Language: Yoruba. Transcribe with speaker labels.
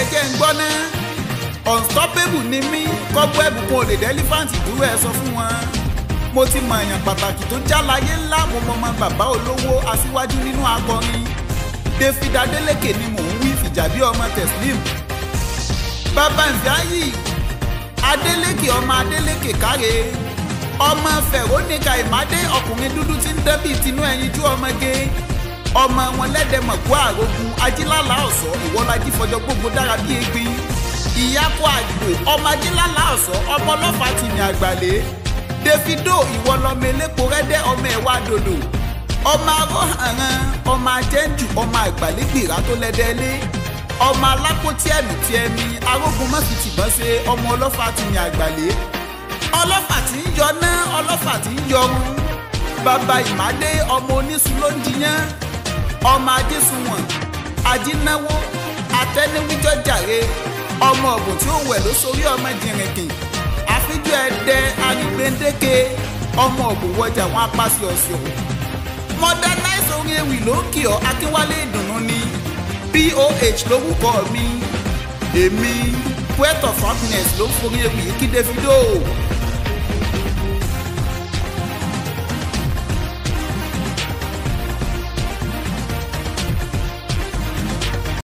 Speaker 1: ẹ jẹ́ ń gbọ́ ná unstoppable ni mí cobweb kún olè dẹ́lífàǹtì dúró ẹ sọ fún wọn mo ti mọ èèyàn pàtàkì tó jáláyé ńlá mo mọ ọmọ bàbá olówó aṣíwájú nínú akọrin David Adeleke ni mò ń wí fìjà bí ọmọ Teslim bàbá ìfìyàyì Adeleke ọmọ Adeleke káre ọmọ Veronica Imade ọkùnrin dúdú tí ń dẹ́bìí tinú ẹyin jú ọmọge ọmọ wọn lẹ́dẹ̀mọ̀ kó àrògùn ajílálà ọ̀sọ́ ìwọ́lájí fọjọ́ gbogbo dára bí egbin ìyá kó àgbò ọmọ ajílálà ọ̀sọ́ ọmọ ọlọ́fà tìmí àgbàlé Davido ìwọ lọmọ elépo rẹ́dẹ́ ọmọ ẹ̀wà dòdò ọmọ arọ́hànrán ọmọ ajẹ́jù ọmọ àgbàlégbèrà tó lẹ́dẹ́lé ọmọ ẹ̀mí mọ́sí ṣe ọmọ ọlọ́fà ọlọ́fà ń yọ náà ọlọ́fà ń bàbá ìmàdé ọmọ ọmọ adésùnwọ̀n adínáwó atẹniwíjọ jàre ọmọ ọ̀gùn tí ó wẹ̀ ló sórí ọmọ jìnrìnkìn àfijọ́ ẹ̀dẹ arígbéńdéke ọmọ ọ̀gùn wọjà wọn apàṣẹ ọ̀sẹ̀ òun modernize orí ewì ló kì ọ́ akínwálé ìdùnnú ni poh ló wúkọ́ mi èmi poet of happiness ló forí ewì kí davido.